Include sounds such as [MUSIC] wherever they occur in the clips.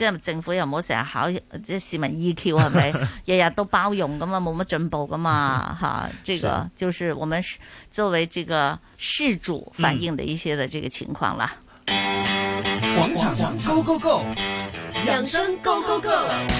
即係政府又唔好成日考即係市民 EQ 係咪？日日、e、 [LAUGHS] 都包容咁嘛冇乜進步噶嘛，吓。呢、這個就是我們作為這個事主反映的一些的這個情況啦。廣場 Go Go Go，養生 Go Go Go。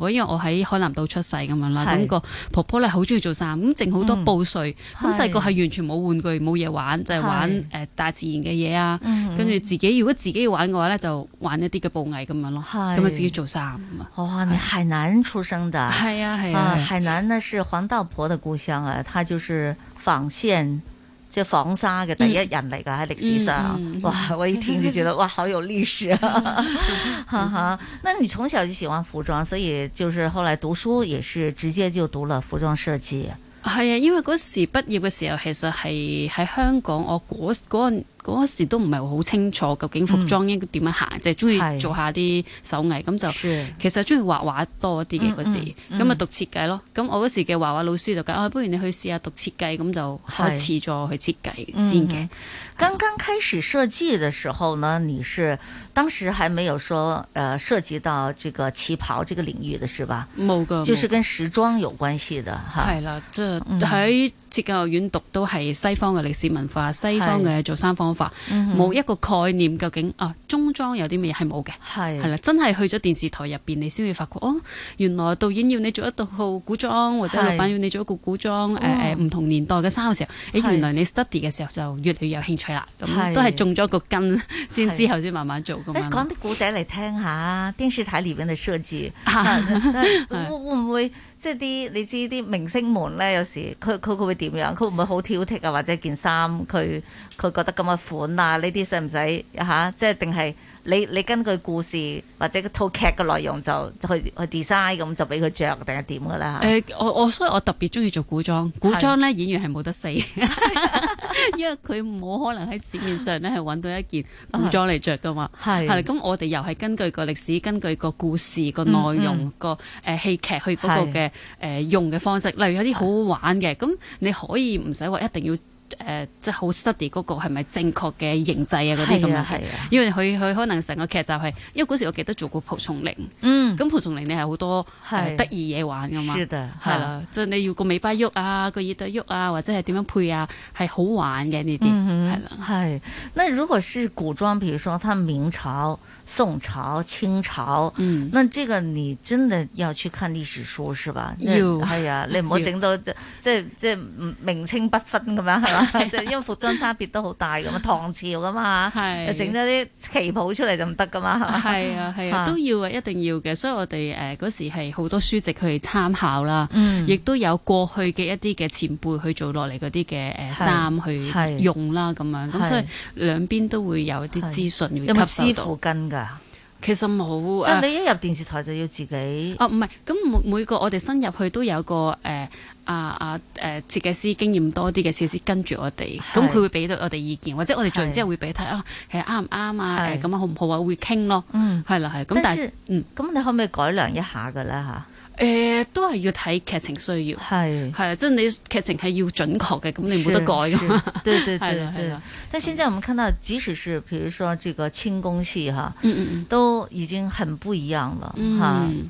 我因為我喺海南島出世咁樣啦，咁是個婆婆咧好中意做衫，咁剩好多布碎。咁細個係完全冇玩具，冇嘢玩，是就係玩誒是、呃、大自然嘅嘢啊。嗯、哼跟住自己如果自己要玩嘅話咧，就玩一啲嘅布藝咁是樣咯。咁啊自己做衫啊。哇你海南出生的，係是啊係啊，啊，啊。海南呢是黃道婆嘅故鄉啊，她就是紡線。即係紡紗嘅第一人嚟㗎喺歷史上，嗯、哇！我一聽就覺得、嗯、哇，好有歷史啊。哈哈，那你從小就喜歡服裝，所以就是後來讀書也是直接就讀了服裝設計。係啊，因為嗰時畢業嘅時候，其實係喺香港，我嗰、那、嗰、個。嗰時都唔係好清楚究竟服裝應該點樣行，即係中意做下啲手藝，咁就其實中意畫畫多啲嘅嗰時，咁啊讀設計咯。咁我嗰時嘅畫畫老師就講，啊，不如你去試下讀設計，咁就開始咗去設計先嘅。剛剛開始設計的時候呢，你是當時還沒有說，呃，涉及到這個旗袍這個領域的，是吧？冇噶，就是跟時裝有關係的哈。係啦，即係喺。設計學院讀都係西方嘅歷史文化，西方嘅做衫方法，冇、嗯、一個概念究竟啊中裝有啲咩嘢係冇嘅，係啦是，真係去咗電視台入邊，你先會發覺哦，原來導演要你做一套古裝，或者老闆要你做一個古裝，誒誒唔同年代嘅衫嘅時候，誒、哎、原來你 study 嘅時候就越嚟越有興趣啦，咁都係中咗個根，先之後先慢慢做咁樣。講啲古仔嚟聽下，電視台入邊嘅設計 [LAUGHS] 啊？我我會。 [LAUGHS] 嗯嗯嗯嗯嗯嗯即係啲你知啲明星們咧，有時佢佢佢會點樣？佢會唔會好挑剔啊？或者件衫佢佢覺得咁嘅款啊，呢啲使唔使嚇？即係定係。你你根據故事或者套劇嘅內容就去去 design 咁就俾佢着定係點㗎咧？誒、呃，我我所以我特別中意做古裝，古裝咧是演員係冇得死， [LAUGHS] [LAUGHS] 因為佢冇可能喺市面上咧係揾到一件古裝嚟着㗎嘛。係、啊，咁是我哋又係根據個歷史、根據個故事個內容、個誒、嗯嗯呃、戲劇去嗰個嘅誒是、呃、用嘅方式，例如有啲好好玩嘅，咁是你可以唔使話一定要。誒，即係好 study 嗰個係咪正確嘅形制啊？嗰啲咁嘅嘢，因為佢佢可能成個劇集係，因為嗰時我記得做過蒲松齡。嗯，咁蒲松齡你係好多得意嘢玩噶嘛？係的，係啦，即係你要個尾巴喐啊，個耳朵喐啊，或者係點樣配啊，係好玩嘅呢啲係啦。係，那如果是古裝，譬如說，他明朝。宋朝、清朝，嗯，那這個你真的要去看歷史書，是吧？要。哎呀，你唔好整到，即即明清不分咁樣，係嘛？即因為服裝差別都好大噶嘛，唐朝噶嘛，係，整咗啲旗袍出嚟就唔得噶嘛，係啊，係，都要啊，一定要嘅。所以我哋誒嗰時係好多書籍去參考啦，嗯，亦都有過去嘅一啲嘅前輩去做落嚟嗰啲嘅誒衫去用啦，咁樣，咁所以兩邊都會有一啲資訊要吸收到。有冇師傅跟噶？其實冇，即係你一入電視台就要自己。哦、啊，唔係，咁每每個我哋新入去都有個誒、呃，啊啊，誒，設計師經驗多啲嘅設計師跟住我哋，咁佢是會俾到我哋意見，或者我哋做完之後會俾睇啊，係啱唔啱啊，咁是樣好唔好啊，會傾咯。嗯，係啦，係咁，但係，嗯，咁你可唔可以改良一下噶啦吓？誒都係要睇劇情需要，係係啊，即係你劇情係要準確嘅，咁你冇得改噶嘛，對對對，但現在我們看到，即使是譬如說這個清宮戲都已經很不一樣啦，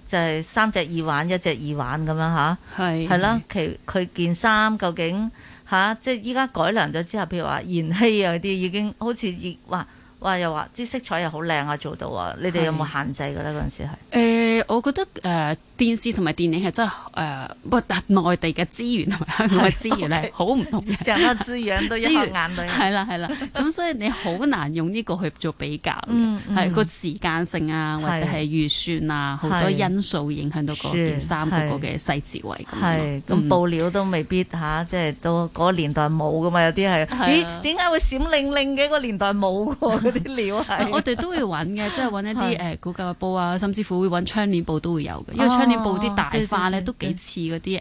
就係三隻耳環一隻耳環咁樣嚇，係係啦，其佢件衫究竟嚇，即係依家改良咗之後，譬如話燃氣啊嗰啲已經好似熱哇。哇！又話啲色彩又好靚啊，做到啊！你哋有冇限制嘅咧？嗰陣時係我覺得誒、呃、電視同埋電影係真係誒，唔係但內地嘅資源同埋香港嘅資源咧，好唔同嘅。Okay. [LAUGHS] 一隻眼，一眼資源都一包眼淚。係啦係啦，咁 [LAUGHS] 所以你好難用呢個去做比較嘅，係、嗯嗯嗰個時間性啊，或者係預算啊，好的多因素影響到個件衫嗰個嘅細節位咁樣。咁布、嗯、料都未必吓、啊，即係都嗰個年代冇㗎嘛，有啲係點點解會閃令令嘅？嗰年代冇 [LAUGHS] [LAUGHS] 我哋都會揾嘅， [LAUGHS] 即係揾一啲誒是、呃、古教布啊，甚至乎會揾窗簾布都會有嘅，因為窗簾布啲大花咧、哦、都幾似嗰啲誒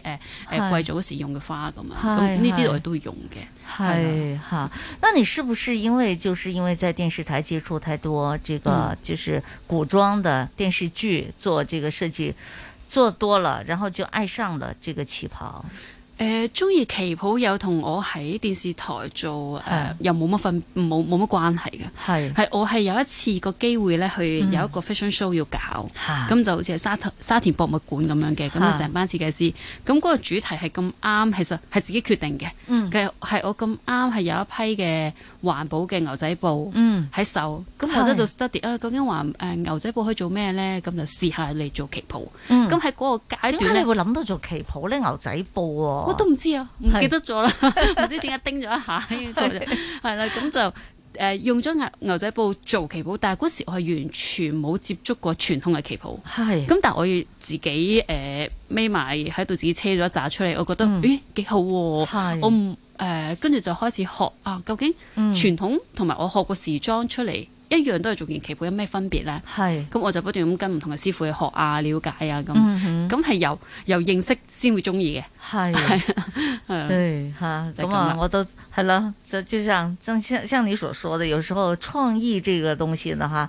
誒貴族嗰時用嘅花咁啊，咁呢啲我哋都會用嘅。係嚇是吧，那你是不是因為就是因為在電視台接觸太多，這個就是古裝的電視劇做這個設計、嗯、做多了，然後就愛上了這個旗袍？誒中意旗袍有同我喺電視台做誒是、呃，又冇乜分，冇冇乜關係嘅。係係是我係有一次個機會咧，去有一個 fashion show 要搞，咁是就好似沙田沙田博物館咁樣嘅，咁啊成班設計師，咁嗰個主題係咁啱，其實係自己決定嘅。嗯，其實係我咁啱係有一批嘅環保嘅牛仔布，喺手，咁我就做 study 是啊，究竟環誒、呃、牛仔布可以做咩咧？咁就試下嚟做旗袍。咁喺嗰個階段點解你會諗到做旗袍咧？牛仔布喎、啊。我都唔知啊，唔記得咗啦，唔是 [LAUGHS] 知點解叮咗一下，係啦 [LAUGHS] 是，咁 [LAUGHS] 就誒、呃、用咗牛仔布做旗袍，但係嗰時我係完全冇接觸過傳統嘅旗袍，係是，咁但係我要自己誒匿埋喺度，自己車咗一紮出嚟，我覺得誒幾、嗯欸、好、啊，是我唔誒，跟、呃、住就開始學啊，究竟傳統同埋、嗯、我學個時裝出嚟。一樣都係做件旗袍，有咩分別咧？係咁是，我就不斷咁跟唔同嘅師傅去學啊、了解啊咁。咁係、嗯、哼由由認識先會中意嘅。係的，的對哈，咁啊，我都係囉就就像就像就像你所說的，有時候創意這個東西咧，哈。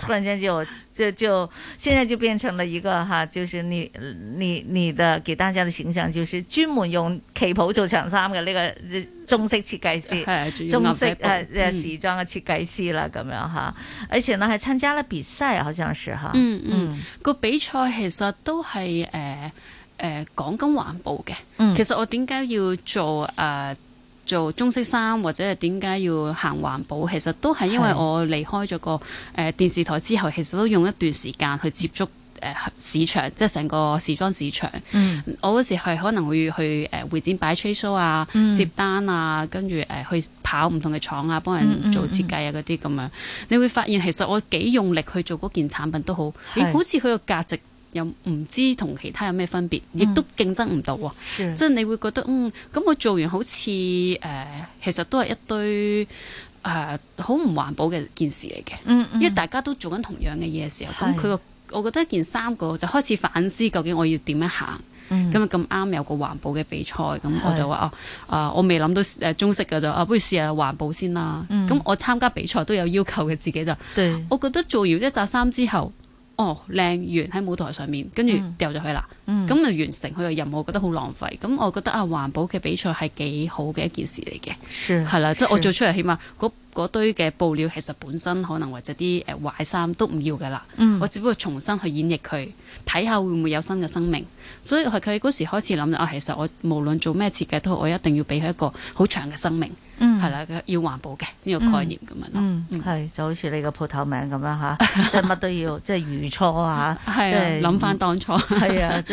突然間就就就，現在就變成了一個哈，就是你你你的給大家的形象就是專門用旗袍做長衫嘅那、這個中式設計師，係、啊、中式誒時裝嘅設計師啦咁樣哈，而且呢還參加了比賽，好像是哈嗯嗯，嗯嗯那個比賽其實都係誒誒講緊環保嘅。嗯，其實我點解要做誒？呃做中式衫或者係點解要行環保，其實都係因為我離開咗個誒電視台之後，其實都用一段時間去接觸誒市場，即係成個時裝市場。嗯、我嗰時係可能會去誒會展擺 trade show 啊、嗯、接單啊，跟住誒去跑唔同嘅廠啊，幫人做設計啊嗰啲咁樣。你會發現其實我幾用力去做嗰件產品都好，你好似佢個價值。又唔知同其他有咩分別，亦都競爭唔到喎。嗯、即係你會覺得，嗯，咁我做完好似誒、呃，其實都係一堆誒好唔環保嘅件事嚟嘅。嗯嗯、因為大家都做緊同樣嘅嘢嘅時候，咁佢個我覺得一件衫個就開始反思，究竟我要點樣行？咁啊咁啱有個環保嘅比賽，咁是我就話啊啊，我未諗到誒中式嘅就啊，不如試下環保先啦。咁、嗯、我參加比賽都有要求嘅自己就，對我覺得做完一紮衫之後。哦，靚完喺舞台上面，跟住掉咗去啦。嗯咁啊，完成佢嘅任務，我覺得好浪費。咁我覺得啊，環保嘅比賽係幾好嘅一件事嚟嘅，係啦，即係我做出嚟，起碼嗰堆嘅布料其實本身可能或者啲誒壞衫都唔要㗎啦。我只不過重新去演繹佢，睇下會唔會有新嘅生命。所以佢嗰時開始諗，啊，其實我無論做咩設計，都好，我一定要俾佢一個好長嘅生命，係啦，要環保嘅呢個概念咁樣咯。係就好似你個鋪頭名咁樣嚇，即係乜都要，即如初啊，即諗翻當初，係啊。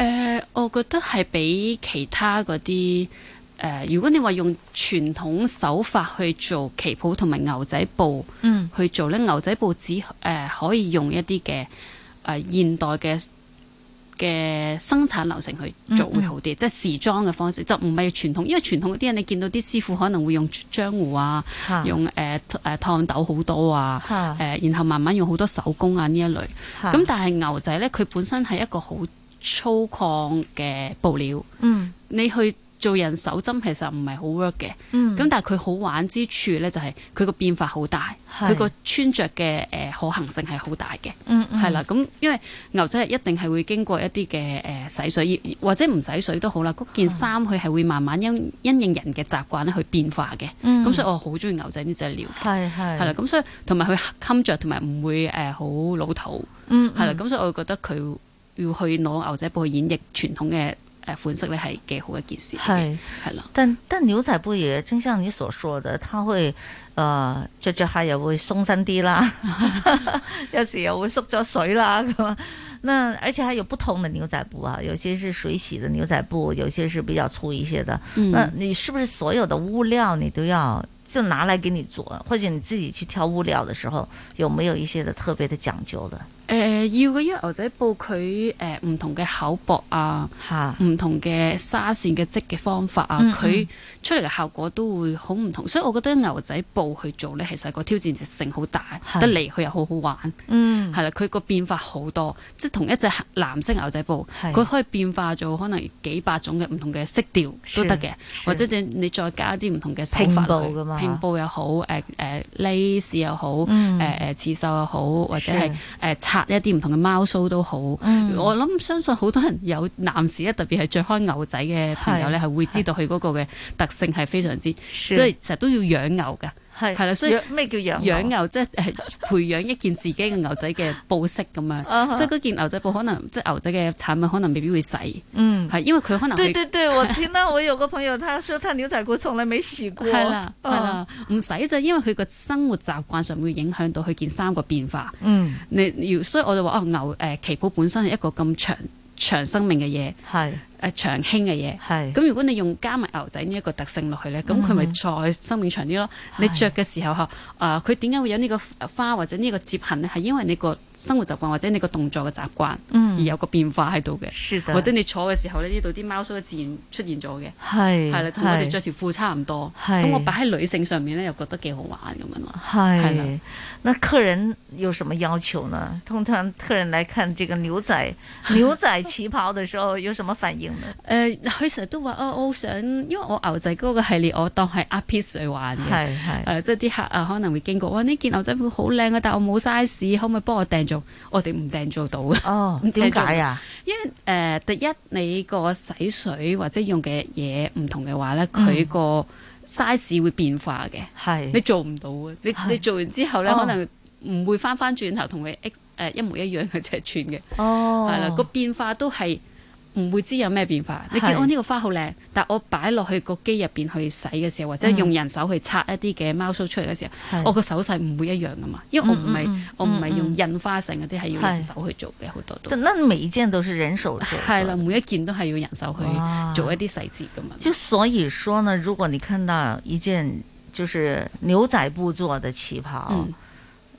誒、呃，我覺得係比其他嗰啲誒，如果你話用傳統手法去做旗袍同埋牛仔布，嗯，去做咧，牛仔布只誒、呃、可以用一啲嘅誒現代嘅嘅生產流程去做會好啲，嗯嗯即係時裝嘅方式，就唔係傳統。因為傳統嗰啲人，你見到啲師傅可能會用漿糊啊，啊用誒誒、呃、燙斗好多啊，誒、啊呃，然後慢慢用好多手工啊呢一類。咁、啊嗯、但係牛仔咧，佢本身係一個好粗獷嘅布料，嗯，你去做人手針其實唔係好 work 嘅，嗯，咁但係佢好玩之處咧就係佢個變化好大，佢個是穿着嘅誒可行性係好大嘅，嗯，嗯，係啦，咁因為牛仔一定係會經過一啲嘅誒洗水，或者唔洗水都好啦，嗰件衫佢係會慢慢因因應人嘅習慣咧去變化嘅，嗯，咁所以我好中意牛仔呢隻料，係係，係啦，咁所以同埋佢襟着同埋唔會誒好老土，嗯，係啦，咁所以我覺得佢。要去攞牛仔布去演繹傳統嘅誒款式咧，係幾好一件事嘅，係啦。是的但但牛仔布也正像你所說的，它會誒着着下又會鬆身啲啦， [LAUGHS] 有時又會縮咗水啦咁啊。 [LAUGHS] 那而且還有不同的牛仔布啊，有些是水洗的牛仔布，有些是比較粗一些的。嗯，那你是不是所有的物料你都要就拿來給你做？或者你自己去挑物料的時候，有沒有一些的特別的講究的？誒，要嘅，因為牛仔布，佢誒唔同嘅厚薄啊，唔同嘅紗線嘅織嘅方法啊，佢出嚟嘅效果都會好唔同，所以我覺得牛仔布去做咧，其實個挑戰性好大，得嚟佢又好好玩，嗯，係啦，佢個變化好多，即係同一隻藍色牛仔布，佢可以變化做可能幾百種嘅唔同嘅色調都得嘅，或者你再加一啲唔同嘅手法拼布㗎嘛，拼布又好，誒誒，lace 又好，誒誒，刺繡又好，或者係誒。一啲唔同嘅貓須都好，嗯、我諗相信好多人有男士咧，特別係着開牛仔嘅朋友咧，係是會知道佢嗰個嘅特性係非常之，是所以成日都要養牛噶。係，係啦，所以咩叫養牛？即係、就是、培養一件自己嘅牛仔嘅布色咁樣。 [LAUGHS] 所以嗰件牛仔布可能，即、就、係、是、牛仔嘅產品可能未必會洗。嗯，係因為佢可能對對對，我聽到我有個朋友，他說他牛仔褲從來未洗過。係啦， [LAUGHS] 係啦，唔使就因為佢個生活習慣上會影響到佢件衫個變化。嗯，你要所以我就話啊、哦，牛誒、呃、旗袍本身係一個咁長長生命嘅嘢，係。誒、啊、長興嘅嘢，係咁是如果你用加埋牛仔呢一個特性落去咧，咁佢咪再生命長啲咯。嗯、你着嘅時候嚇，誒佢點解會有呢個花或者呢個折痕咧？係因為你個生活習慣或者你個動作嘅習慣，而有個變化喺度嘅，的或者你坐嘅時候呢，呢度啲貓鬚自然出現咗嘅，係係同我哋着條褲差唔多。咁是我擺喺女性上面咧，又覺得幾好玩咁樣咯，係係啦。的那客人有什麼要求呢？通常客人來看這個牛仔牛仔旗袍的時候，有什麼反應？ [LAUGHS] 誒，佢成日都話哦，我想，因為我牛仔嗰個系列，我當係 art piece 嚟玩嘅，係係、呃、即係啲客啊可能會經過，哇，呢件牛仔褲好靚啊，但我冇 size，可唔可以幫我訂做？我哋唔訂做到嘅，哦，點解啊？ [LAUGHS] 因為誒、呃，第一你個洗水或者用嘅嘢唔同嘅話咧，佢個、嗯、size 會變化嘅，係是你做唔到嘅，你是你做完之後咧，哦、可能唔會翻翻轉頭同佢誒一模一樣嘅尺寸嘅，哦，係啦、嗯，個變化都係。唔會知有咩變化。你見我呢個花好靚，是但我擺落去個機入邊去洗嘅時候，或者用人手去擦一啲嘅貓須出嚟嘅時候，嗯、我個手勢唔會一樣噶嘛。是因為我唔係、嗯、我唔係用印花成嗰啲，係用人手去做嘅好是多。都，但那每一件都係人手做的。係啦，每一件都係要人手去做一啲細節噶嘛、啊。就所以說呢，如果你看到一件就是牛仔布做嘅旗袍。嗯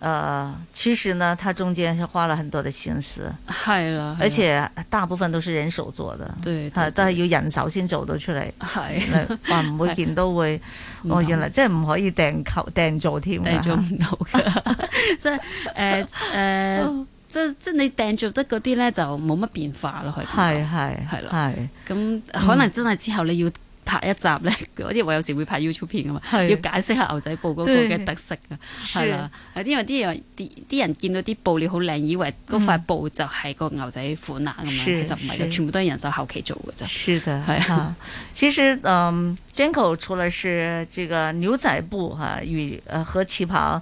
誒，其實呢，他中間是花了很多的心思，係啦，而且大部分都是人手做的，對，但係要人手先做到出嚟，係，話唔會見到會，哦原來即係唔可以訂購訂做添，做唔到嘅。即係誒誒，即係即係你訂做的嗰啲咧就冇乜變化咯，係，係係啦，係，咁可能真係之後你要。拍一集咧，我因為我有時會拍 YouTube 片噶嘛，是要解釋下牛仔布嗰個嘅特色啊，係啦，因為啲人啲啲人見到啲布料好靚，以為嗰塊布就係個牛仔款啊咁樣，嗯、其實唔係嘅，是全部都係人手後期做嘅啫。是係的是啊。其實，嗯 Janko 除了是呢個牛仔布哈、啊，與呃和旗袍。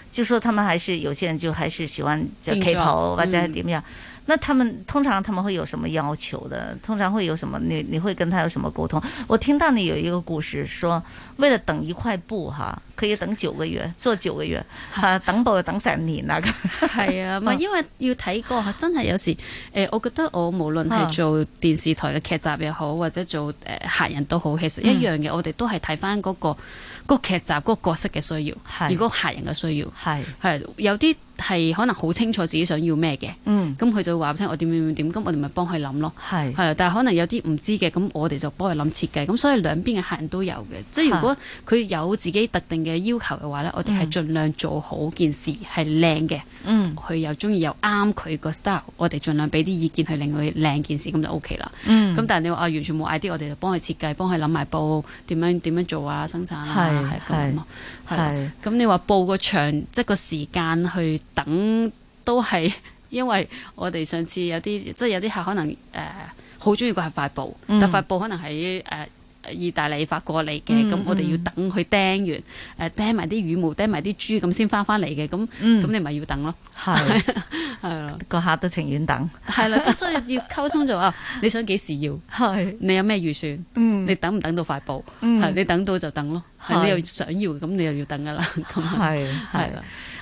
就說他們還是有些人就還是喜歡就旗袍，啊，或者點樣，嗯、那他們通常他們會有什麼要求的？通常會有什麼？你你會跟他有什麼溝通？我聽到你有一個故事說，說為了等一塊布哈，啊，可以等九個月，做九個月，啊， [LAUGHS] 等布等成年那個係 [LAUGHS] 啊， [LAUGHS] 因為要睇過真係有時誒、呃，我覺得我無論係做電視台嘅劇集也好，或者做誒、呃、客人都好，其實一樣嘅，嗯、我哋都係睇翻嗰個。個劇集嗰個角色嘅需要，如果是客人嘅需要，係係是有啲。係可能好清楚自己想要咩嘅，咁佢、嗯、就話畀我聽我點點點點，咁我哋咪幫佢諗咯。係是，但係可能有啲唔知嘅，咁我哋就幫佢諗設計，咁所以兩邊嘅客人都有嘅。即係如果佢有自己特定嘅要求嘅話呢，嗯、我哋係盡量做好件事係靚嘅，佢、嗯、又中意又啱佢個 style，我哋盡量俾啲意見去令佢靚件事，咁就 O K 啦。咁、嗯、但係你話、啊、完全冇 idea，我哋就幫佢設計，幫佢諗埋布點樣點樣做啊生產啊，係係咁咯。係。咁你話布個長即係、就是、個時間去。等都係，因為我哋上次有啲，即係有啲客可能誒，好中意個係塊布，但塊布可能喺誒意大利發過嚟嘅，咁我哋要等佢釘完，誒釘埋啲羽毛，釘埋啲珠咁先翻翻嚟嘅，咁咁你咪要等咯，係係咯，個客都情願等，係啦，即係所以要溝通就話，你想幾時要？係你有咩預算，你等唔等到塊布？嗯，你等到就等咯，你又想要，咁你又要等噶啦，咁係係啦。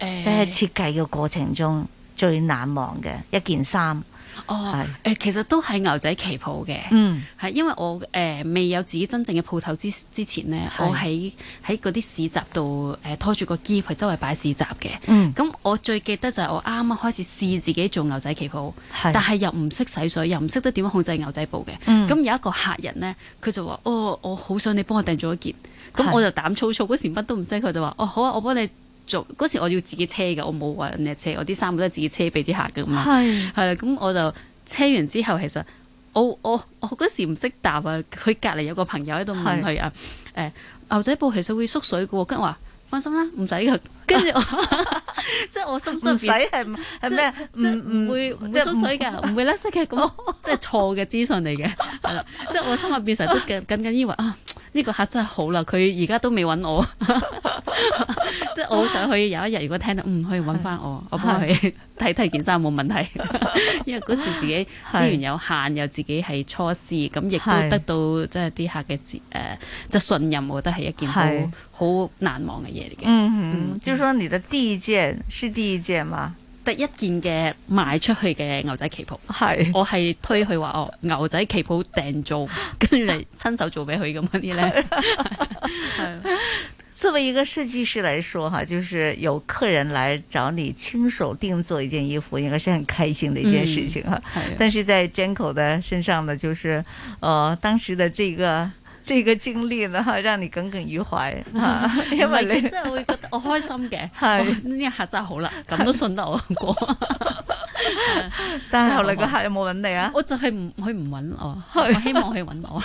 即係設計嘅過程中、欸、最難忘嘅一件衫。哦，誒是、呃，其實都係牛仔旗袍嘅。嗯，係因為我誒、呃、未有自己真正嘅鋪頭之之前咧，是我喺喺嗰啲市集度誒、呃、拖住個喼去周圍擺市集嘅。嗯，咁我最記得就係我啱啱開始試自己做牛仔旗袍，嗯，但係又唔識洗水，又唔識得點樣控制牛仔布嘅。嗯，咁有一個客人咧，佢就話：，哦，我好想你幫我訂做一件。咁是我就膽粗粗嗰時乜都唔識，佢就話：，哦，好啊，我幫你。做嗰時我要自己車嘅，我冇揾人哋車，我啲衫都係自己車俾啲客嘅嘛。係是，係啦，咁我就車完之後，其實我我我嗰時唔識答啊。佢隔離有個朋友喺度問佢啊，誒是、欸、牛仔布其實會縮水嘅喎，跟住話。放心啦，唔使噶。跟住，我，即係我心心使係咩？唔唔會唔縮水嘅，唔會甩色嘅。咁即係錯嘅資訊嚟嘅，係啦。即係我心入邊成日都緊緊以為啊，呢個客真係好啦，佢而家都未揾我。即係我好想去有一日，如果聽到嗯可以揾翻我，我幫佢睇睇件衫冇問題。因為嗰時自己資源有限，又自己係初試，咁亦都得到即係啲客嘅接即係信任，我覺得係一件好。好難忘嘅嘢嚟嘅，嗯，哼嗯，就是說你的第一件是第一件嗎？第一件嘅賣出去嘅牛仔旗袍，係是我係推佢話哦，牛仔旗袍訂做，跟住你親手做俾佢咁嗰啲咧。 [LAUGHS] [LAUGHS] [LAUGHS] 作為一個設計師來說，哈，就是有客人來找你親手定做一件衣服，應該是很開心的一件事情啊。嗯、是但是在 Janko 的身上呢，就是，呃，當時的這個。這個經歷呢，哈，讓你耿耿於懷，因為你真係會覺得我開心嘅，係呢一刻真係好啦，咁都信得我過。但係後嚟個客有冇揾你啊？我就係唔佢唔揾我，我希望佢揾我，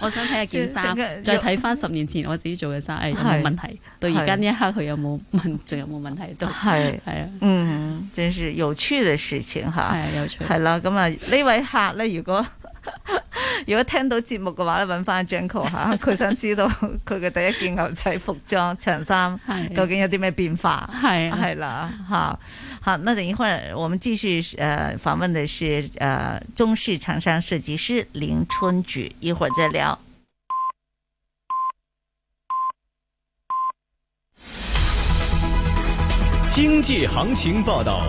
我想睇下件衫，再睇翻十年前我自己做嘅衫，誒有冇問題？到而家呢一刻佢有冇問？仲有冇問題？都係係啊，嗯，即係有趣嘅事情吓，係有趣，係啦，咁啊呢位客咧如果。 [LAUGHS] 如果聽到節目嘅話咧，揾翻 Janko 吓、啊，佢想知道佢嘅第一件牛仔服裝長衫究竟有啲咩變化？係係、啊啊、啦，吓好，好，那等一會兒我們繼續，訪、呃、訪問嘅是、呃、中式長衫設計師林春菊，一會兒再聊。經濟行情報道。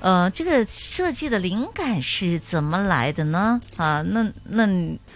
呃這個設計的靈感是怎麼來的呢？啊，那那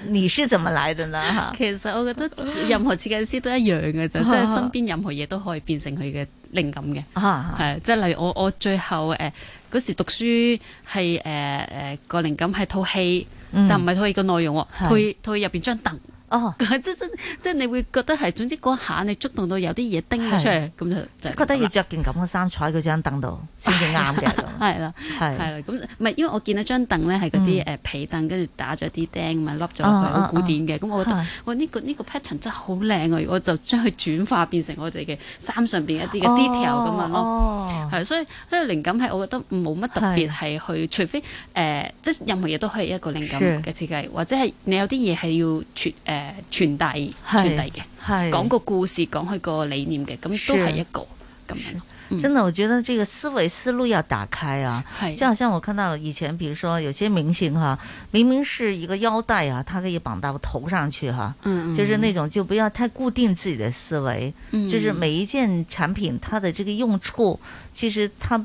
你是怎麼來的呢？其實我覺得任何設計師都一樣嘅就哈哈 即係身邊任何嘢都可以變成佢嘅靈感嘅，係哈哈，即係例如我我最後誒、嗰、時讀書係誒誒個靈感係套戲，嗯、但唔係套戲嘅內容，是套戲入邊張凳。哦，即即即你會覺得係，總之嗰下你觸動到有啲嘢叮咗出嚟，咁就覺得要着件咁嘅衫，坐喺嗰張凳度先至啱嘅，係啦，係啦，咁唔係因為我見到張凳咧係嗰啲誒皮凳，跟住打咗啲釘，咁咪凹咗佢，好古典嘅，咁我覺得我呢個呢個 pattern 真係好靚啊！我就將佢轉化變成我哋嘅衫上邊一啲嘅 detail 咁樣咯，係，所以呢個靈感係我覺得冇乜特別係去，除非誒，即任何嘢都可以一個靈感嘅設計，或者係你有啲嘢係要誒。誒、呃，傳遞是傳遞嘅，係講是個故事，講佢個理念嘅，咁都係一個咁是樣。是嗯、真的，我覺得這個思維思路要打開啊，係，就好像我看到以前，比如說有些明星哈、啊，明明是一個腰帶啊，他可以綁到頭上去哈、啊，嗯，嗯就是那種就不要太固定自己的思維，就是每一件產品它的這個用處，其實它。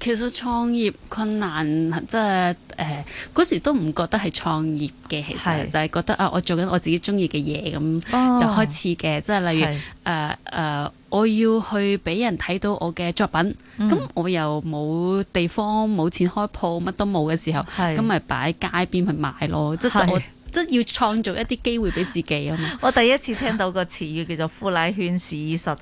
其實創業困難，即係誒嗰時都唔覺得係創業嘅，其實就係覺得啊，我做緊我自己中意嘅嘢咁就開始嘅，即係、哦、例如誒誒是、呃呃，我要去俾人睇到我嘅作品，咁、嗯、我又冇地方、冇錢開鋪，乜都冇嘅時候，咁咪擺喺街邊去賣咯，即係是我。即係要創造一啲機會俾自己啊嘛！我第一次聽到個詞語叫做呼拉圈市集啊，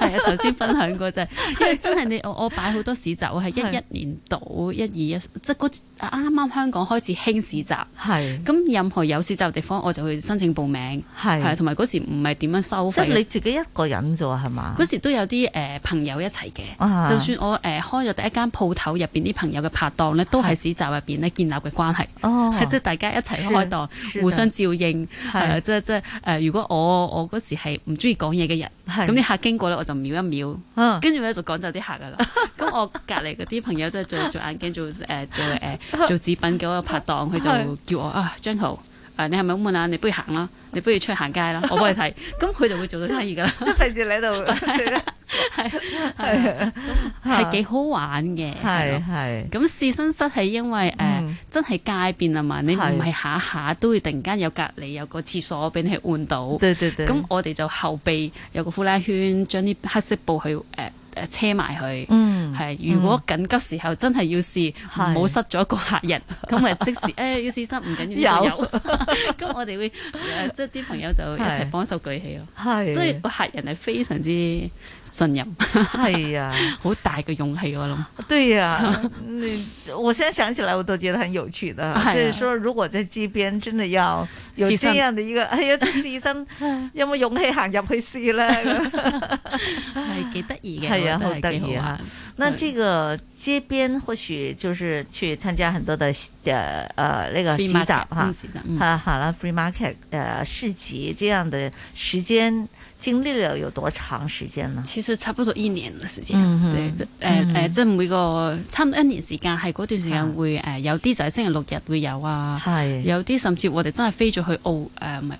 係啊，頭先分享過就係因為真係你我我擺好多市集，我係一一年度一二一，即啱啱香港開始興市集，係。咁任何有市集嘅地方，我就去申請報名，係，係同埋嗰時唔係點樣收費，即係你自己一個人做係嘛？嗰時都有啲誒朋友一齊嘅，就算我誒開咗第一間鋪頭入邊啲朋友嘅拍檔咧，都喺市集入邊咧建立嘅關係，係即係大家一齊開檔。互相照應，係即係即係，誒、呃呃，如果我我嗰時係唔中意講嘢嘅人，咁啲的客經過咧，我就瞄一秒，嗯、跟住咧就趕走啲客噶啦。咁 [LAUGHS] 我隔籬嗰啲朋友即係做做眼鏡，做誒、呃、做誒、呃、做紙品嘅個拍檔，佢就叫我的啊張浩。誒，你係咪咁悶啊？你不如行啦，你不如出去行街啦，我幫你睇。咁佢 [LAUGHS] 就會做到生意噶啦，即係費事你喺度。係係係幾好玩嘅。係係、啊。咁、啊啊啊、試身室係因為誒、呃、真係街邊啊嘛，是啊，你唔係下下都會突然間有隔離有個廁所俾你換到。對對對。咁我哋就後備有個呼啦圈，將啲黑色布去誒。呃誒，車埋去，係、嗯、如果緊急時候真係要試，冇、嗯、失咗一個客人，咁咪是即時誒、 [LAUGHS] 哎、要試失，唔緊要緊有。咁有 [LAUGHS] [LAUGHS] 我哋會誒、 [LAUGHS] 啊，即係啲朋友就一齊幫手舉起咯。係是，所以個客人係非常之。信任係啊，好大嘅勇氣我諗。對呀，你我現在想起來我都覺得很有趣的。即係說，如果在街邊真的要有這樣的一個，哎呀，啲士生有冇勇氣行入去試呢？係幾得意嘅，係啊，好得意啊！那這個街邊或許就是去參加很多的，誒誒，那個洗澡哈，好啦 free market，誒市集這樣的時間。經歷了有多長時間呢？其實差不多一年嘅時間，嗯、哼對，誒、呃、誒、嗯哼呃呃，即係每個差唔多一年時間，係嗰段時間會誒是、呃、有啲就係星期六日會有啊，係是有啲甚至我哋真係飛咗去澳誒，唔、呃、係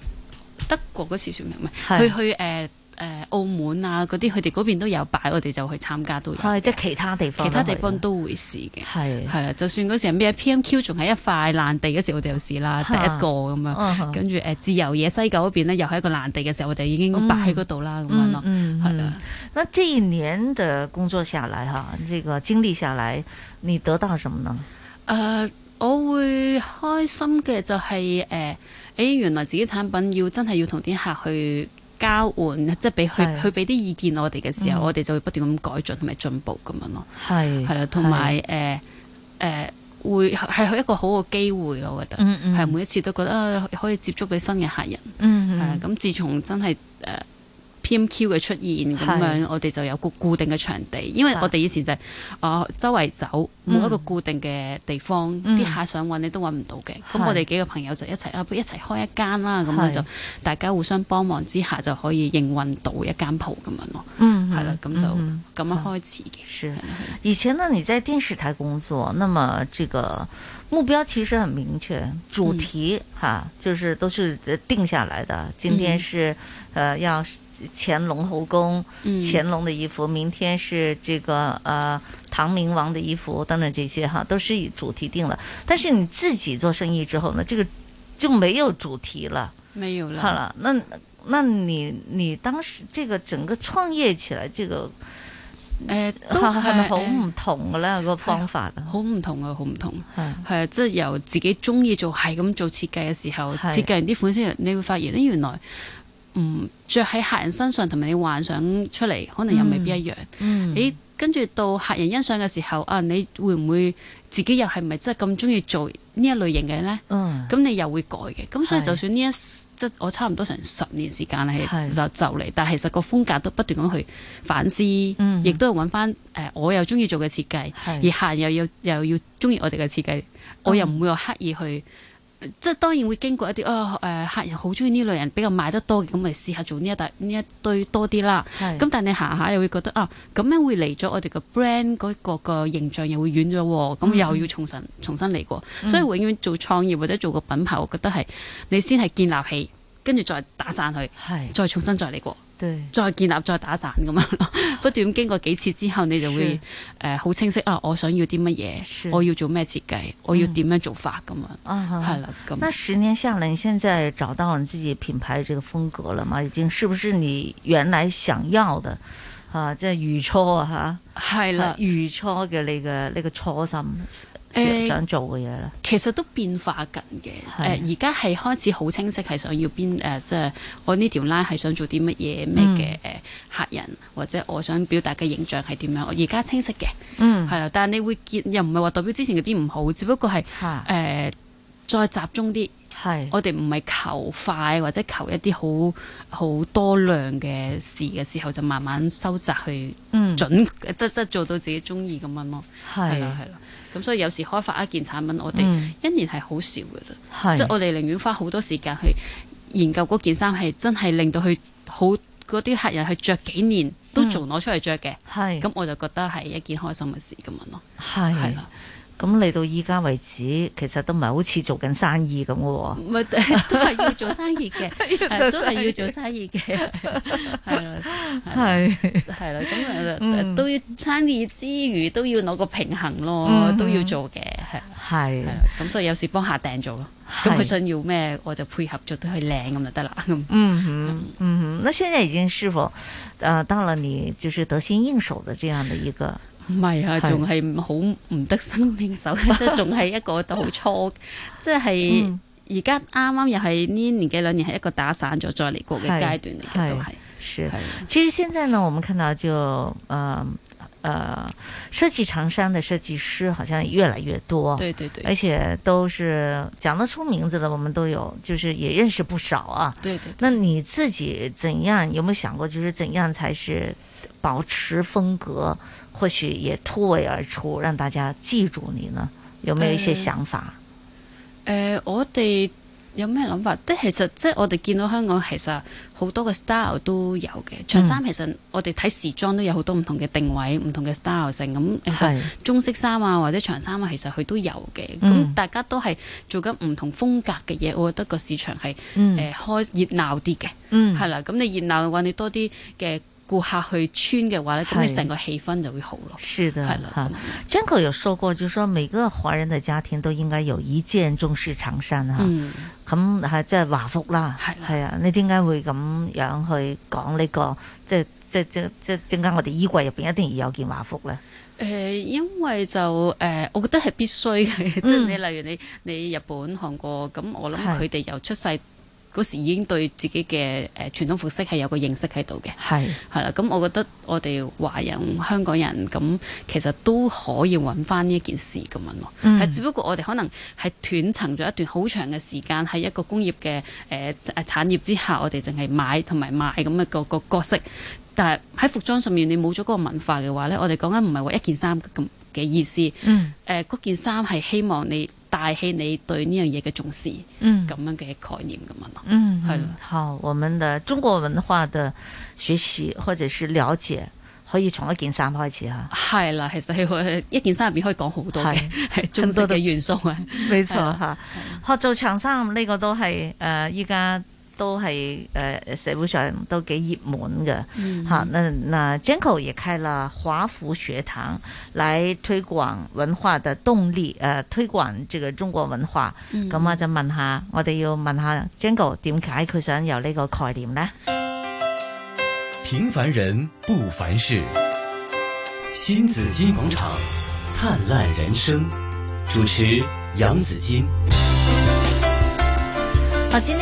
德國嗰次說明，唔係是去去誒。呃呃、澳門啊，嗰啲佢哋嗰邊都有擺，我哋就去參加都有。即係其他地方，其他地方都會試嘅。係係啊，就算嗰時係咩 PMQ，仲係一塊爛地嗰時，我哋就試啦，哈第一個咁樣。啊、哈跟住誒、呃、自由野西九嗰邊咧，又係一個爛地嘅時候，我哋已經擺喺嗰度啦咁樣咯。係啦。嗱呢一年嘅工作下嚟，哈、啊，呢個經歷下嚟，你得到什麼呢？誒、呃，我會開心嘅就係、是、誒、呃，哎，原來自己的產品要真係要同啲客去。交換即係俾佢，去俾啲意見我哋嘅時候，的我哋就會不斷咁改進同埋進步咁樣咯。係係啦，同埋誒誒，會係一個好嘅機會咯，我覺得係、嗯嗯、每一次都覺得、呃、可以接觸到新嘅客人。嗯咁、嗯呃、自從真係誒。呃 PMQ 嘅出現咁樣，我哋就有個固定嘅場地，因為我哋以前就係啊周圍走，冇一個固定嘅地方，啲客想揾你都揾唔到嘅。咁我哋幾個朋友就一齊啊，一齊開一間啦。咁樣就大家互相幫忙之下，就可以營運到一間鋪咁樣咯。嗯，係啦，咁就咁樣開始嘅。以前呢，你在電視台工作，那麼這個目標其實很明確，主題吓，就是都是定下來的。今天是，呃，要。乾隆後宮，乾隆的衣服，嗯、明天是這個呃、啊、唐明王的衣服等等這些哈、啊，都是以主題定了。但是你自己做生意之後呢，這個就沒有主題了，沒有了。好了，那那你你當時這個整個創業起來這個，誒、呃，係咪好唔同嘅呢？個、呃、方法啊？好唔同啊，好唔同。係係啊，即係是、就是、由自己中意做，係咁做設計嘅時候，是設計人啲款式，你會發現咧，原來。唔着喺客人身上，同埋你幻想出嚟，可能又未必一樣。你跟住到客人欣賞嘅時候，啊，你會唔會自己又係咪真係咁中意做呢一類型嘅咧？咁、嗯、你又會改嘅。咁所以就算呢一是即我差唔多成十年時間係是就做嚟，但係其實個風格都不斷咁去反思，亦都係揾翻誒我又中意做嘅設計，是而客人又要又要中意我哋嘅設計，我又唔會話刻意去。嗯即係當然會經過一啲啊誒客人好中意呢類人比較買得多嘅咁，咪試下做呢一啲呢一堆多啲啦。咁是但係你行下又會覺得啊，咁樣會離咗我哋個 brand 嗰個個形象又會遠咗喎，咁又要重新重新嚟過。嗯、所以永遠做創業或者做個品牌，我覺得係你先係建立起，跟住再打散佢，再重新再嚟過。對再建立再打散咁樣， [LAUGHS] 不斷經過幾次之後，你就會誒好是、呃、清晰啊！我想要啲乜嘢，是我要做咩設計，嗯、我要點樣做法咁樣，係啦咁。的那十年下來，你現在找到你自己品牌嘅這個風格了嗎？已經是不是你原來想要的啊？即係如初啊？吓的，係啦、啊，如初嘅你嘅呢個初心。想做嘅嘢咧，其實都變化緊嘅。誒，而家係開始好清晰，係想要邊誒、呃，即係我呢條 line 係想做啲乜嘢，咩嘅誒客人，或者我想表達嘅形象係點樣？我而家清晰嘅，嗯，係啦。但係你會見，又唔係話代表之前嗰啲唔好，只不過係誒、啊呃、再集中啲。係，我哋唔係求快，或者求一啲好好多量嘅事嘅時候，就慢慢收窄去準，即即、嗯、做到自己中意咁樣咯。係啦，係啦。咁、嗯、所以有時開發一件產品，我哋一年係好少嘅啫，是即係我哋寧願花好多時間去研究嗰件衫，係真係令到佢好，嗰啲客人去着幾年都仲攞出嚟着嘅，咁是我就覺得係一件開心嘅事咁樣咯，係是啦。咁你到依家為止，其實都唔係好似做緊生意咁嘅喎，唔係 [LAUGHS] 都係要做生意嘅，都係 [LAUGHS] 要做生意嘅，係啦，係係啦，咁都要生意之餘都要攞個平衡咯，嗯、哼都要做嘅，係係，咁是所以有時幫下訂做咯，咁佢是想要咩我就配合做到佢靚咁就得啦，咁 [LAUGHS] 嗯哼嗯哼，那現在已經是否，呃當了你就是得心應手嘅，這樣的一個？唔係啊，仲係好唔得心應手，即係仲係一個好初，即係而家啱啱又係呢年幾兩年係一個打散咗再嚟過嘅階段嚟嘅，都係。是，是其實現在呢，我們看到就呃，呃，設計長衫的設計師好像越來越多，對對對，而且都是講得出名字的，我們都有，就是也認識不少啊。對，對對，那你自己怎樣？有冇想過，就是怎樣才是，保持風格，或許也突圍而出，讓大家記住你呢？有沒有一些想法？誒、呃呃，我哋有咩諗法？即係其實即係我哋見到香港其實好多個 style 都有嘅長衫，其實我哋睇時裝都有好多唔同嘅定位、唔、嗯、同嘅 style 性咁。其實中式衫啊，是或者長衫啊，其實佢都有嘅。咁、嗯、大家都係做緊唔同風格嘅嘢，我覺得個市場係誒、嗯呃、開熱鬧啲嘅。嗯，係啦。咁你熱鬧嘅話，你多啲嘅。顧客去穿嘅話咧，咁你成個氣氛就會好咯。是的，係啦。哈，Janko 有說過，就是說每個華人的家庭都應該有一件中式長衫吓。咁係即係華服啦。係啦的。啊的，你點解會咁樣去講呢、這個？即係即即即點解我哋衣櫃入邊一定要有件華服咧？誒、嗯呃，因為就誒、呃，我覺得係必須嘅。即 [LAUGHS] 係你、嗯、例如你你日本韓國咁，我諗佢哋由出世。嗰時已經對自己嘅誒傳統服飾係有個認識喺度嘅，係係啦。咁我覺得我哋華人香港人咁，其實都可以搵返呢一件事咁樣咯。係、嗯、只不過我哋可能係斷層咗一段好長嘅時間，喺一個工業嘅誒、呃、產業之下，我哋淨係買同埋賣咁嘅個個角色。但係喺服裝上面，你冇咗嗰個文化嘅話咧，我哋講緊唔係話一件衫咁嘅意思。誒嗰、嗯呃、件衫係希望你，帶起你對呢樣嘢嘅重視，嗯，咁樣嘅概念咁樣咯，嗯，係咯的。好，我們嘅中國文化的學習或者是了解，可以從一件衫開始吓。係啦，其實佢一件衫入面可以講好多嘅，係 [LAUGHS] 中式嘅元素啊，冇錯吓。學做長衫呢、這個都係誒依家。呃都係誒、呃、社會上都幾熱門嘅，吓、嗯、那那 Janko 也開了華府學堂，來推廣文化的動力誒、呃，推廣這個中國文化。咁、嗯、我就問下，我哋要問下 Janko 點解佢想有呢個概念呢？平凡人不凡事，新紫金廣場燦爛人生，主持楊紫金。好、啊，今。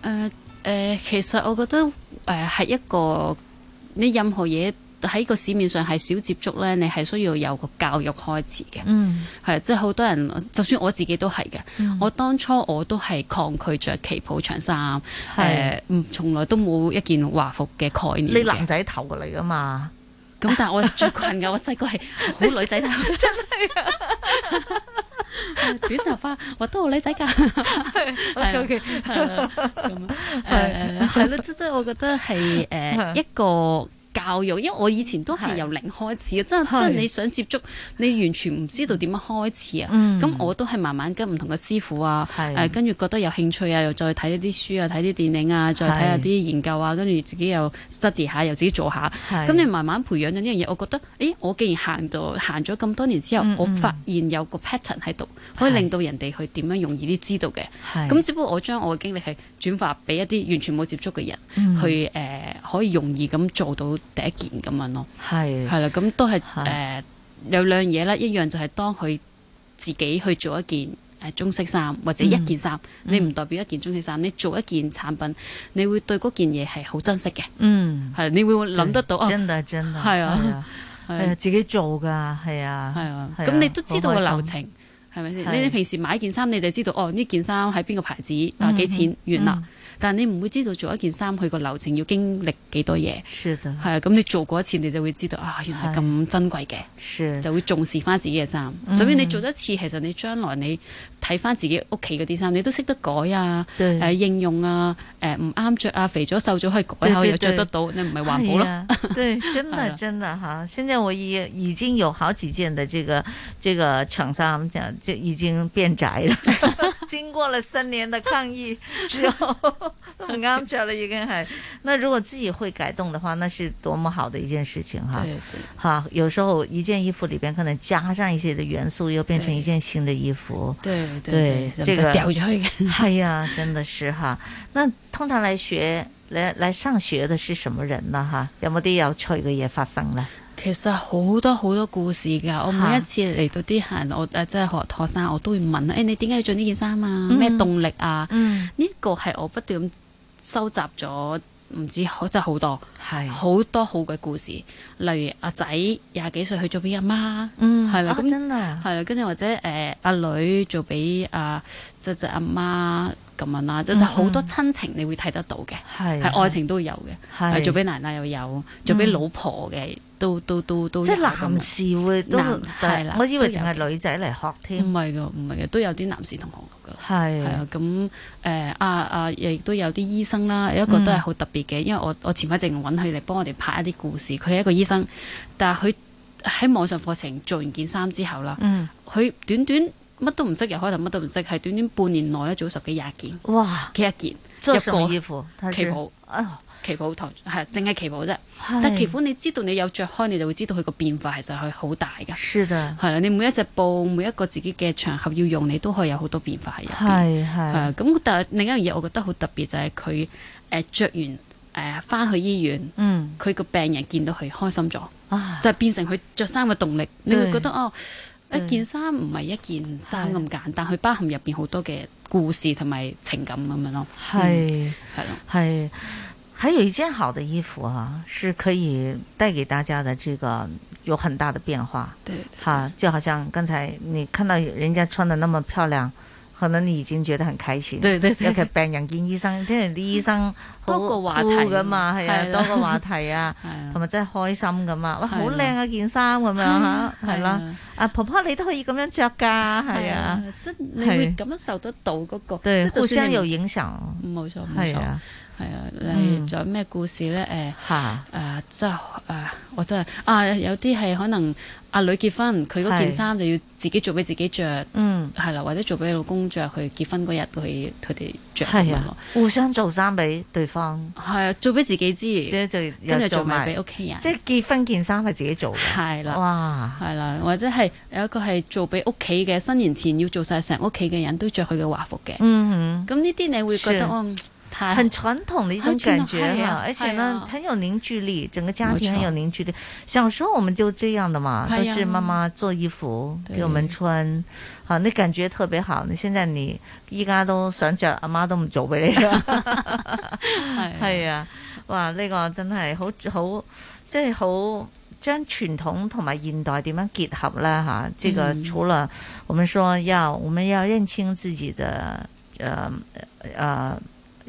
誒誒、呃呃，其實我覺得誒係、呃、一個你任何嘢喺個市面上係少接觸咧，你係需要有個教育開始嘅，係、嗯、即係好多人，就算我自己都係嘅。嗯、我當初我都係抗拒着旗袍長衫，誒是、呃，從來都冇一件華服嘅概念嘅。你男仔頭嚟噶嘛？咁但係我最困噶，我細個係好女仔頭，真係，短頭髮，我都好女仔噶，係 OK，係啦，係咯，即即我覺得係誒一個。教育，因為我以前都係由零開始，真係你想接觸，你完全唔知道點樣開始啊。咁我都係慢慢跟唔同嘅師傅啊，跟住覺得有興趣啊，又再睇一啲書啊，睇啲電影啊，再睇下啲研究啊，跟住自己又 study 下，又自己做下。咁你慢慢培養咗呢樣嘢，我覺得，咦，我既然行咗行咗咁多年之後，我發現有個 pattern 喺度，可以令到人哋去點樣容易啲知道嘅。咁只不過我將我嘅經歷係轉發俾一啲完全冇接觸嘅人，去誒可以容易咁做到。第一件咁樣咯，係係啦，咁都係誒有兩樣嘢啦，一樣就係當佢自己去做一件誒中式衫或者一件衫，你唔代表一件中式衫，你做一件產品，你會對嗰件嘢係好珍惜嘅。嗯，係你會諗得到哦，真係真係，係啊，係啊，自己做噶，係啊，係啊，咁你都知道個流程，係咪先？你你平時買一件衫你就知道哦，呢件衫喺邊個牌子啊，幾錢完啦。但你唔會知道做一件衫佢個流程要經歷幾多嘢，係啊是的，咁你做過一次你就會知道啊，原來係咁珍貴嘅，是的 就會重視翻自己嘅衫。嗯、所以你做一次，其實你將來你，睇翻自己屋企嗰啲衫，你都識得改啊，誒對、呃、應用啊，誒唔啱着啊，肥咗瘦咗可以改下又着得到，對對對你唔係環保咯對、啊。對，真的真的哈，現在我已已經有好幾件的這個這個、長衫，我們講，就已經變窄了。 [LAUGHS] 經過了三年的抗疫之 [LAUGHS] 後，唔啱着了已經係。 [LAUGHS] 那如果自己會改動的話，那是多麼好的一件事情哈。對對哈，有時候一件衣服裏面可能加上一些的元素，又變成一件新的衣服。對,對對,對，對掉這個係、 [LAUGHS] 哎、呀，真的是哈。那通常來學來,來上學的是什麼人呢？哈，有冇啲有,有趣嘅嘢發生咧？其實好多好多故事噶，哈我每一次嚟到啲行，我誒即係學學生，我都會問，誒、哎、你點解要做呢件衫啊？咩、嗯、動力啊？呢、嗯、個係我不斷咁收集咗。唔止好真係好多，係好多好嘅故事。例如阿仔廿幾歲去做俾阿媽，嗯係啦，咁係啦，跟住、啊、或者誒阿、呃、女做俾阿即係阿媽咁樣啦，即係好多親情你會睇得到嘅，係、嗯、哼愛情都有嘅，係是做俾奶奶又有，做俾老婆嘅。嗯都都都都，即係男士會都係啦。我以為淨係女仔嚟學添，唔係㗎，唔係嘅，都有啲男士同學學㗎。係係啊，咁誒啊啊，亦都有啲醫生啦。有一個都係好特別嘅，因為我我前排正搵佢嚟幫我哋拍一啲故事。佢係一個醫生，但係佢喺網上課程做完件衫之後啦，佢短短乜都唔識，又開頭乜都唔識，係短短半年內咧做十幾廿件。哇！幾多件？一個衣服旗袍旗袍台係淨係旗袍啫，但旗袍你知道你有着開，你就會知道佢個變化其實係好大嘅。是的，係啊，你每一隻布，每一個自己嘅場合要用，你都可以有好多變化喺入邊。係係咁但係另一樣嘢，我覺得好特別就係佢誒着完誒翻去醫院，嗯，佢個病人見到佢開心咗，就變成佢着衫嘅動力。你會覺得哦，一件衫唔係一件衫咁簡單，佢包含入邊好多嘅故事同埋情感咁樣咯。係係咯係。還有一件好的衣服哈、啊，是可以帶給大家的這個有很大的變化。對，對，哈對、啊，就好像剛才你看到人家穿得那麼漂亮，可能你已經覺得很開心。對對對，尤其病人，又可以扮兩件衣裳，聽人啲醫生多個話題噶嘛，係啊，多個話題啊，同埋、啊啊啊、真係開心噶嘛。哇，好靚啊，啊啊件衫咁樣吓，係啦、啊啊啊。啊，婆婆你都可以咁樣着噶、喔，係啊，即你會咁樣受得到嗰個對互相有影響。冇錯、啊，冇錯。係啊，你仲有咩故事咧？誒、哎、誒，即係誒，我真係啊，有啲係可能阿女結婚，佢嗰件衫就要自己做俾自己着，嗯，係啦、啊，或者做俾老公着。去結婚嗰日，佢佢哋着咁互相做衫俾對方，係、啊、做俾自己知，即就跟住做埋俾屋企人，即係結婚件衫係自己做嘅，啦、啊，哇，係啦、啊，或者係有一個係做俾屋企嘅，新年前要做晒成屋企嘅人都着佢嘅華服嘅，嗯哼，咁呢啲你會覺得很傳統的一種感覺、哎哎、而且呢，哎、呀很有凝聚力，整個家庭很有凝聚力。錯小時候我們就這樣的嘛，哎、呀都是媽媽做衣服對給我們穿，好，那感覺特別好。你現在你依家都想着阿媽都唔做俾你啦，啊、 [LAUGHS] 哎呀，哇，呢、那個真係好好，即係好將傳統同埋現代點樣結合啦吓。即、這個除了我們說要，嗯、我們要認清自己的，呃，呃。呃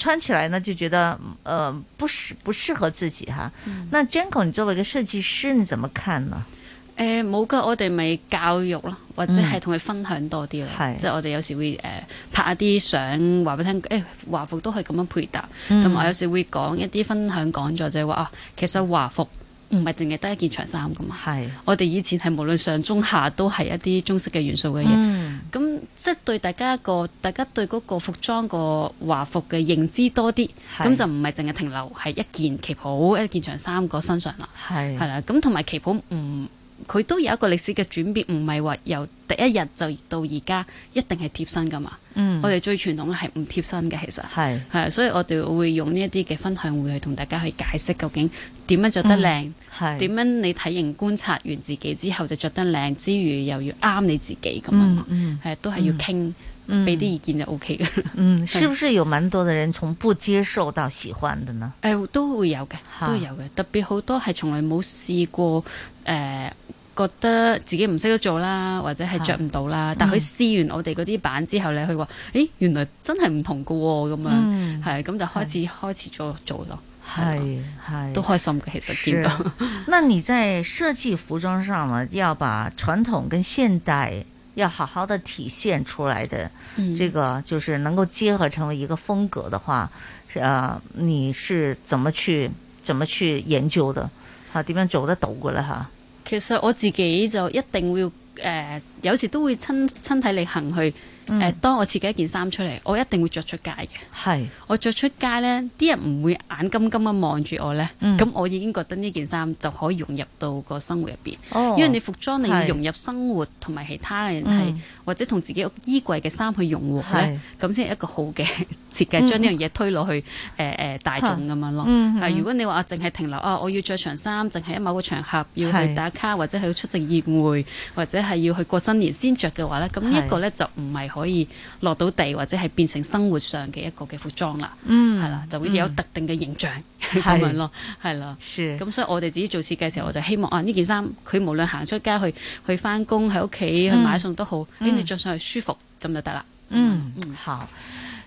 穿起來呢就覺得，呃，不適不適合自己哈。啊嗯、那 Janko，你作為一個設計師，你怎麼看呢？誒、呃，冇噶，我哋咪教育咯，或者係同佢分享多啲啦。係、嗯，即係我哋有時會誒、呃、拍一啲相，話俾佢聽。誒、哎，華服都係咁樣配搭，同埋、嗯、有，有時會講一啲分享講座，就係、是、話啊，其實華服。唔係淨係得一件長衫噶嘛？係是。我哋以前係無論上中下都係一啲中式嘅元素嘅嘢。咁、嗯、即係對大家一個，大家對嗰個服裝、個華服嘅認知多啲，咁是就唔係淨係停留喺一件旗袍一件長衫個身上啦。係是。係啦，咁同埋旗袍唔，佢、嗯、都有一個歷史嘅轉變，唔係話由第一日就到而家一定係貼身噶嘛。嗯、我哋最傳統嘅係唔貼身嘅，其實。係是。係，所以我哋會用呢一啲嘅分享會去同大家去解釋究竟。點樣着得靚？點、嗯、樣你體型觀察完自己之後，就着得靚之餘，又要啱你自己咁啊嘛？嗯嗯、都係要傾，俾啲、嗯、意見就 O K 嘅。嗯，是不是有蠻多的人從不接受到喜歡的呢？誒、呃、都會有嘅，都會有嘅。特別好多係從來冇試過，誒、呃、覺得自己唔識得做啦，或者係着唔到啦。啊、但佢試完我哋嗰啲版之後咧，佢話、嗯、誒原來真係唔同㗎喎、啊，咁樣係咁、嗯、就開始是開始咗做咯。做了。係係、嗯、都開心嘅，其實見到。那你在設計服裝上啦，要把傳統跟現代要好好的體現出來的，嗯、這個就是能夠結合成為一個風格的話，誒、啊，你是怎麼去怎麼去研究的？吓、啊，點樣做得到嘅咧？吓、啊，其實我自己就一定會誒、呃，有時都會親身體力行去。誒，嗯、當我設計一件衫出嚟，我一定會着出街嘅。係是，我着出街咧，啲人唔會眼金金咁望住我咧。咁、嗯、我已經覺得呢件衫就可以融入到個生活入邊。哦、因為你服裝你要融入生活同埋其他嘅人係，嗯、或者同自己個衣櫃嘅衫去融合咧，咁先係一個好嘅設計，嗯、將呢樣嘢推落去誒誒大眾咁樣咯。啊嗯、但如果你話淨係停留啊，我要着長衫，淨係喺某個場合要去打卡，是或者去出席宴會，或者係要去過新年先着嘅話咧，咁呢一個咧就唔係好。可以落到地或者係變成生活上嘅一個嘅服裝啦，係、嗯、啦，就會有特定嘅形象咁、嗯、樣咯，係啦，咁所以我哋自己做設計嘅時候，我就希望啊呢件衫，佢無論行出街去、去翻工、喺屋企去買餸都好，咁、嗯哎、你着上去舒服、嗯、就得啦、嗯嗯。嗯好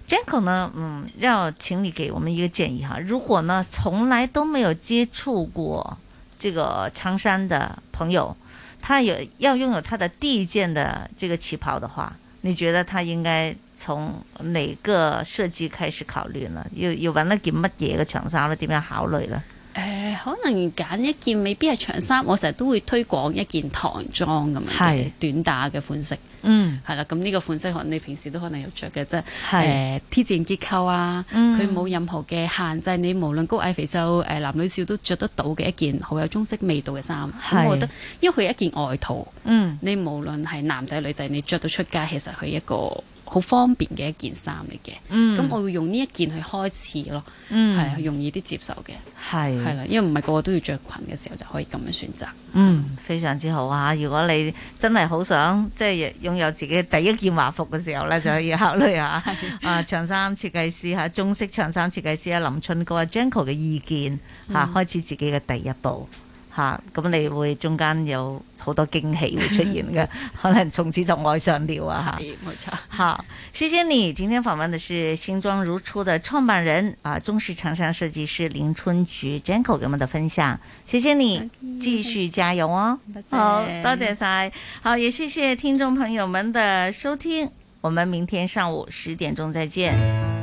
，Janko 呢，要請你給我們一個建議哈，如果呢從來都沒有接觸過這個長衫嘅朋友，他有要擁有他的第一件的這個旗袍的話。你覺得他應該從哪個設計開始考慮呢？又又搵了見乜嘢嘅長衫咧？點樣考慮咧？誒、呃，可能揀一件未必係長衫，我成日都會推廣一件唐裝咁樣嘅短打嘅款式。嗯，係啦，咁呢個款式可能你平時都可能有着嘅，即係，T 字型結構啊，佢冇、嗯、任何嘅限制，你無論高矮肥瘦，呃、男女少都着得到嘅一件好有中式味道嘅衫。是我覺得，因為佢係一件外套，嗯，你無論係男仔女仔，你着到出街，其實佢一個。好方便嘅一件衫嚟嘅，咁、嗯、我會用呢一件去開始咯，係、嗯、容易啲接受嘅，係啦是，因為唔係個個都要着裙嘅時候就可以咁樣選擇。嗯，非常之好啊！如果你真係好想即係擁有自己第一件華服嘅時候呢，就可以考慮下的啊，長衫設計師吓，中式長衫設計師啊，林春菊啊 [LAUGHS] Janko 嘅意見吓、啊，開始自己嘅第一步。嗯吓，咁你會中間有好多驚喜會出現嘅， [LAUGHS] 可能從此就愛上了啊！吓，冇錯，吓，謝謝你！今天訪問的是新裝如初的創辦人啊，中式長衫設計師林春菊 Janko 給我們的分享，謝謝你，繼續加油哦！謝謝，好，多謝晒，好，也謝謝聽眾朋友們的收聽，我們明天上午十點鐘再見。嗯